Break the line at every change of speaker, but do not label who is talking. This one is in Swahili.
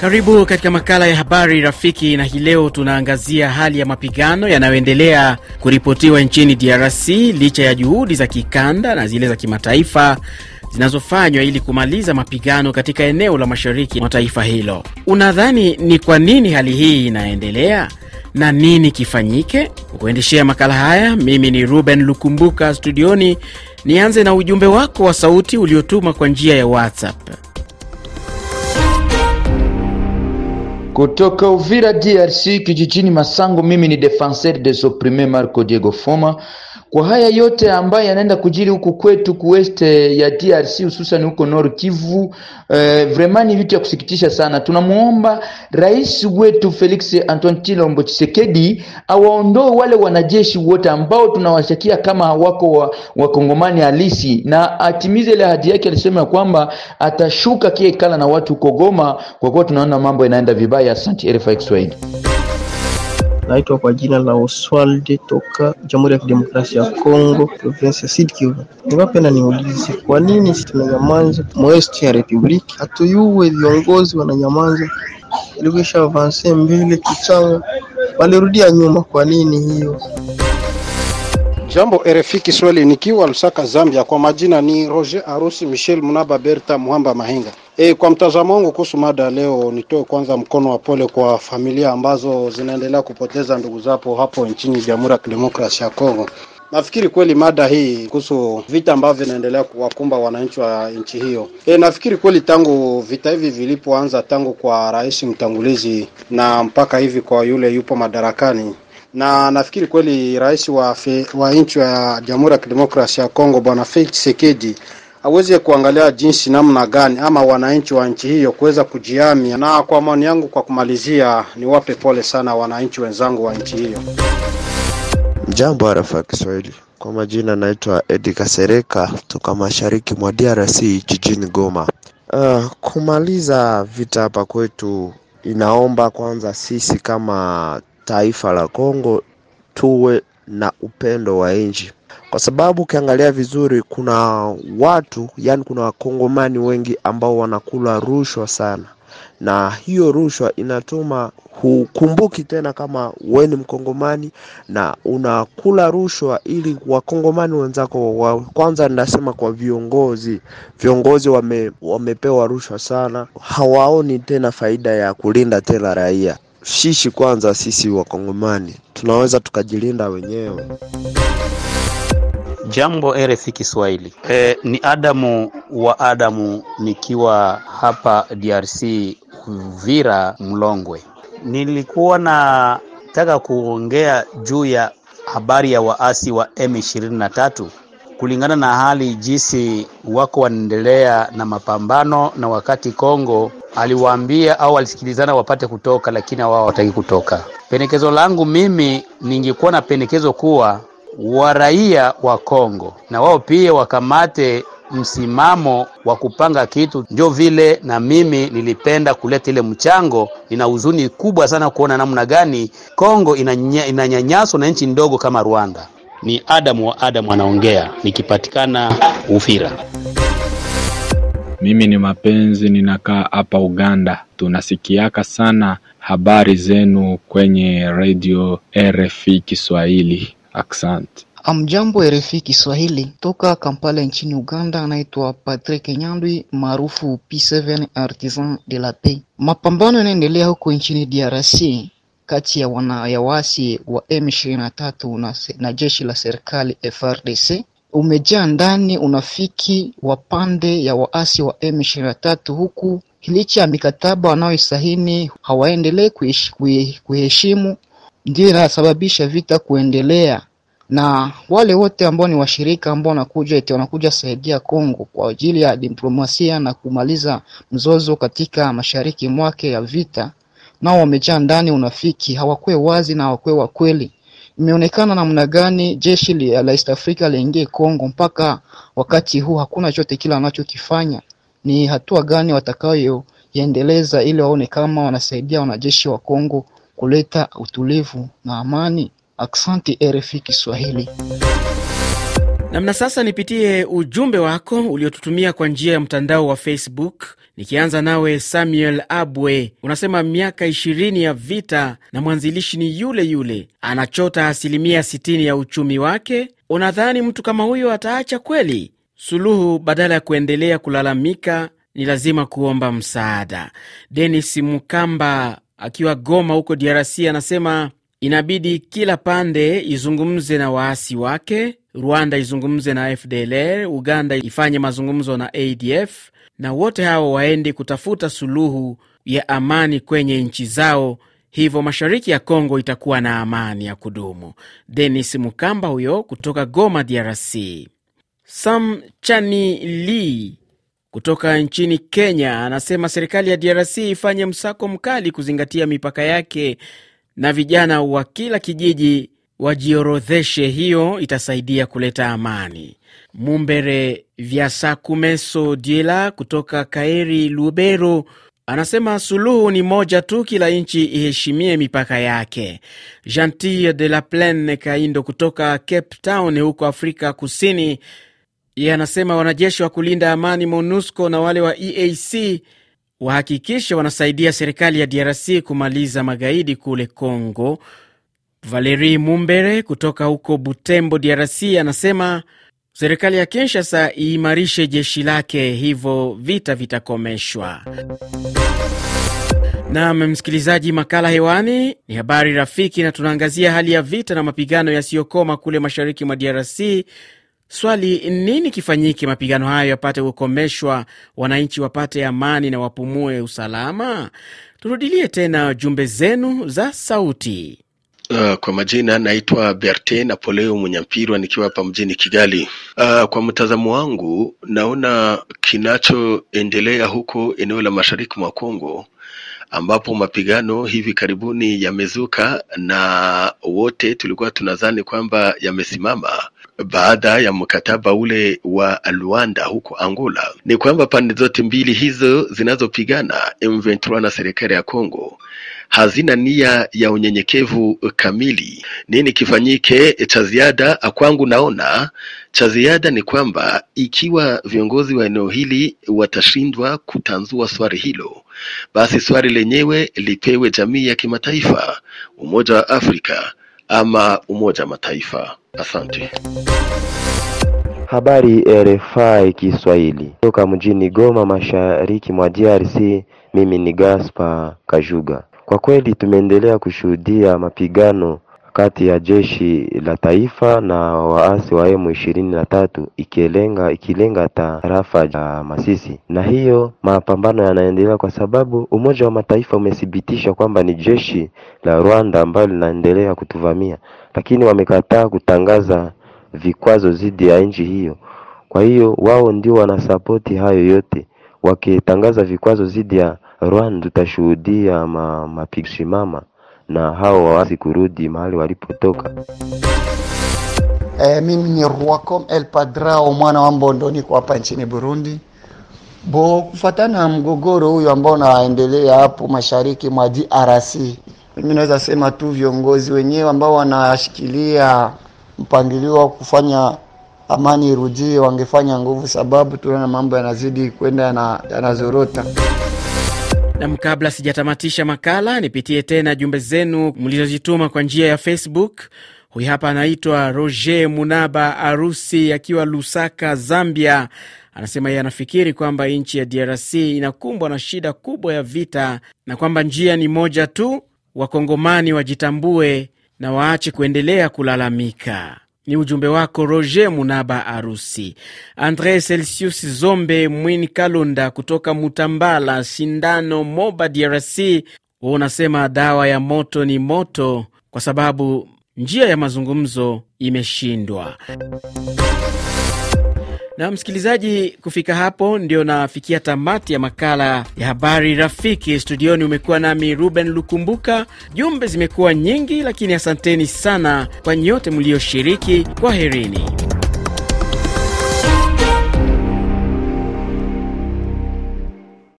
Karibu katika makala ya habari rafiki, na hii leo tunaangazia hali ya mapigano yanayoendelea kuripotiwa nchini DRC licha ya juhudi za kikanda na zile za kimataifa zinazofanywa ili kumaliza mapigano katika eneo la mashariki mwa taifa hilo. Unadhani ni kwa nini hali hii inaendelea na nini kifanyike? Kukuendeshea makala haya mimi ni Ruben Lukumbuka studioni. Nianze na ujumbe wako wa sauti uliotuma kwa njia ya WhatsApp. Kutoka Uvira DRC kijijini Masango mimi ni defenseur des opprime Marco Diego Foma kwa haya yote ambayo yanaenda kujiri huku kwetu kuweste eh, ya DRC hususan huko Nord Kivu, eh, vraiment ni vitu ya kusikitisha sana. Tunamuomba rais wetu Felix Antoine Chilombo Chisekedi awaondoe wale wanajeshi wote ambao tunawashakia kama wako wa, wakongomani halisi na atimize ile ahadi yake alisema kwamba atashuka kiekala na watu huko Goma, kwa kuwa tunaona mambo yanaenda vibaya. Asante RFI Kiswahili
naitwa kwa jina la Oswald toka Jamhuri ya Kidemokrasia ya Kongo, province ya Sud Kivu. Ningependa niulize kwa nini tunanyamaza mwest ya republiki, hatuyue viongozi wananyamaza, ilikwisha avanse mbele kichanga, walirudia nyuma, kwa nini hiyo? Jambo RFI
Kiswahili, nikiwa Lusaka, Zambia. Kwa majina ni Roger Arusi Michel Munaba Berta Muhamba Mahinga. E, kwa mtazamo wangu kuhusu mada leo, nitoe kwanza mkono wa pole kwa familia ambazo zinaendelea kupoteza ndugu zapo hapo nchini Jamhuri ya Kidemokrasia ya Kongo. Nafikiri kweli mada hii kuhusu vita ambavyo vinaendelea kuwakumba wananchi wa nchi hiyo. E, nafikiri kweli tangu vita hivi vilipoanza tangu kwa rais mtangulizi na mpaka hivi kwa yule yupo madarakani na nafikiri kweli rais wa, wa nchi ya Jamhuri ya Kidemokrasia ya Kongo Bwana Felix Tshisekedi aweze kuangalia jinsi namna gani ama wananchi wa nchi hiyo kuweza kujiamia. Na kwa maoni yangu, kwa kumalizia, niwape pole sana wananchi wenzangu wa nchi hiyo. Jambo arafa Kiswahili, kwa majina naitwa Edi Kasereka toka mashariki mwa DRC jijini Goma. Uh, kumaliza vita hapa kwetu inaomba kwanza sisi kama taifa la Kongo tuwe na upendo wa nchi kwa sababu ukiangalia vizuri kuna watu yani, kuna wakongomani wengi ambao wanakula rushwa sana, na hiyo rushwa inatuma hukumbuki tena kama we ni Mkongomani na unakula rushwa ili wakongomani wenzako wa, kwanza nasema kwa viongozi, viongozi wame, wamepewa rushwa sana, hawaoni tena faida ya kulinda tena raia. Shishi kwanza, sisi wakongomani tunaweza tukajilinda wenyewe. Jambo RFI Kiswahili. E, ni Adamu wa Adamu nikiwa hapa DRC Uvira Mlongwe. Nilikuwa nataka kuongea juu ya habari ya waasi wa M23 kulingana na hali jinsi wako wanaendelea na mapambano, na wakati Kongo aliwaambia au alisikilizana wapate kutoka, lakini wao hawataki kutoka. Pendekezo langu mimi, ningekuwa na pendekezo kuwa wa raia wa Kongo, na wao pia wakamate msimamo wa kupanga kitu. Ndio vile na mimi nilipenda kuleta ile mchango. Nina huzuni kubwa sana kuona namna gani Kongo inanyanyaswa na nchi ndogo kama Rwanda. Ni Adamu wa Adamu anaongea nikipatikana Uvira.
Mimi ni Mapenzi, ninakaa hapa Uganda. Tunasikiaka sana habari zenu kwenye radio RFI Kiswahili. Aksanti.
Amjambo RFI Kiswahili toka Kampala nchini Uganda, anaitwa Patrick Nyandwi maarufu P7 Artisan de la Paix. Mapambano yanaendelea huko nchini DRC kati ya wanayawasi wa M23 na, na jeshi la serikali FRDC umejaa ndani unafiki wa pande ya waasi wa M23 huku licha ya mikataba wanaoisahini hawaendelee kuheshimu, ndio inasababisha vita kuendelea na wale wote ambao ni washirika ambao wanakuja eti wanakuja saidia Kongo kwa ajili ya diplomasia na kumaliza mzozo katika mashariki mwake ya vita, nao wamejaa ndani unafiki, hawakue wazi na hawakue wa kweli. Imeonekana namna gani jeshi la East Africa liingie Kongo mpaka wakati huu hakuna chote kile wanachokifanya. Ni hatua gani watakayoiendeleza ili waone kama wanasaidia wanajeshi wa Kongo kuleta utulivu na amani? Aksanti RFI Kiswahili.
Namna sasa, nipitie ujumbe wako uliotutumia kwa njia ya mtandao wa Facebook, nikianza nawe Samuel Abwe. Unasema miaka ishirini ya vita na mwanzilishi ni yule yule, anachota asilimia sitini ya uchumi wake. Unadhani mtu kama huyo ataacha kweli? Suluhu badala ya kuendelea kulalamika ni lazima kuomba msaada. Denis Mukamba akiwa Goma huko DRC anasema inabidi kila pande izungumze na waasi wake. Rwanda izungumze na FDLR, Uganda ifanye mazungumzo na ADF, na wote hao waende kutafuta suluhu ya amani kwenye nchi zao. Hivyo mashariki ya Kongo itakuwa na amani ya kudumu. Denis Mukamba huyo kutoka Goma, DRC. Sam Chani Lee kutoka nchini Kenya anasema serikali ya DRC ifanye msako mkali kuzingatia mipaka yake na vijana wa kila kijiji wajiorodheshe. Hiyo itasaidia kuleta amani. Mumbere Vyasakumeso Diela kutoka Kaeri, Lubero, anasema suluhu ni moja tu, kila nchi iheshimie mipaka yake. Gentile de la Plaine Kaindo kutoka Cape Town huko Afrika Kusini, yeye anasema wanajeshi wa kulinda amani MONUSCO na wale wa EAC wahakikishe wanasaidia serikali ya DRC kumaliza magaidi kule Congo. Valeri Mumbere kutoka huko Butembo, DRC, anasema serikali ya Kinshasa iimarishe jeshi lake, hivyo vita vitakomeshwa. Nam msikilizaji, makala hewani ni habari rafiki, na tunaangazia hali ya vita na mapigano yasiyokoma kule mashariki mwa DRC Swali nini kifanyike mapigano hayo yapate kukomeshwa, wananchi wapate amani na wapumue usalama? Turudilie tena jumbe zenu za sauti. Uh, kwa majina naitwa Berte Napoleo Munyampirwa nikiwa hapa mjini Kigali. Uh, kwa mtazamo wangu naona kinachoendelea huko eneo la mashariki mwa Kongo ambapo mapigano hivi karibuni yamezuka na wote tulikuwa tunadhani kwamba yamesimama, baada ya mkataba ule wa Luanda huko Angola, ni kwamba pande zote mbili hizo zinazopigana M23 na serikali ya Kongo hazina nia ya unyenyekevu kamili. Nini kifanyike cha ziada? Kwangu naona cha ziada ni kwamba ikiwa viongozi wa eneo hili watashindwa kutanzua swali hilo, basi swali lenyewe lipewe jamii ya kimataifa, Umoja wa Afrika ama Umoja wa Mataifa. Asante.
Habari eh, RFI Kiswahili toka mjini Goma, mashariki mwa DRC. Mimi ni Gaspar Kajuga. Kwa kweli tumeendelea kushuhudia mapigano kati ya jeshi la taifa na waasi wa M ishirini na tatu ikilenga ikilenga tarafa ya Masisi, na hiyo mapambano yanaendelea kwa sababu Umoja wa Mataifa umethibitisha kwamba ni jeshi la Rwanda ambalo linaendelea kutuvamia, lakini wamekataa kutangaza vikwazo dhidi ya nchi hiyo. Kwa hiyo wao ndio wanasapoti hayo yote. Wakitangaza vikwazo dhidi ya Rwanda, tutashuhudia ma na hao wawazi kurudi mahali walipotoka.
E, mimi ni Rwacom El Padrao mwana wa Mbondoni kwa hapa nchini Burundi. Bo, kufatana na mgogoro huyu ambao unaendelea hapo mashariki mwa DRC, mimi naweza sema tu viongozi wenyewe ambao wanashikilia mpangilio wa kufanya amani irudie, wangefanya nguvu, sababu tunaona mambo yanazidi kwenda yanazorota.
Nam, kabla sijatamatisha makala, nipitie tena jumbe zenu mlizozituma kwa njia ya Facebook. Huyu hapa anaitwa Roger Munaba Arusi akiwa Lusaka, Zambia. Anasema yeye anafikiri kwamba nchi ya DRC inakumbwa na shida kubwa ya vita na kwamba njia ni moja tu, Wakongomani wajitambue na waache kuendelea kulalamika. Ni ujumbe wako Roger Munaba Arusi. Andre Celsius Zombe Mwini kalunda kutoka Mutambala Shindano, Moba, DRC, wa unasema dawa ya moto ni moto kwa sababu njia ya mazungumzo imeshindwa. Na msikilizaji, kufika hapo ndio nafikia tamati ya makala ya habari rafiki. Studioni umekuwa nami Ruben Lukumbuka. Jumbe zimekuwa nyingi, lakini asanteni sana kwa nyote mlioshiriki. Kwaherini.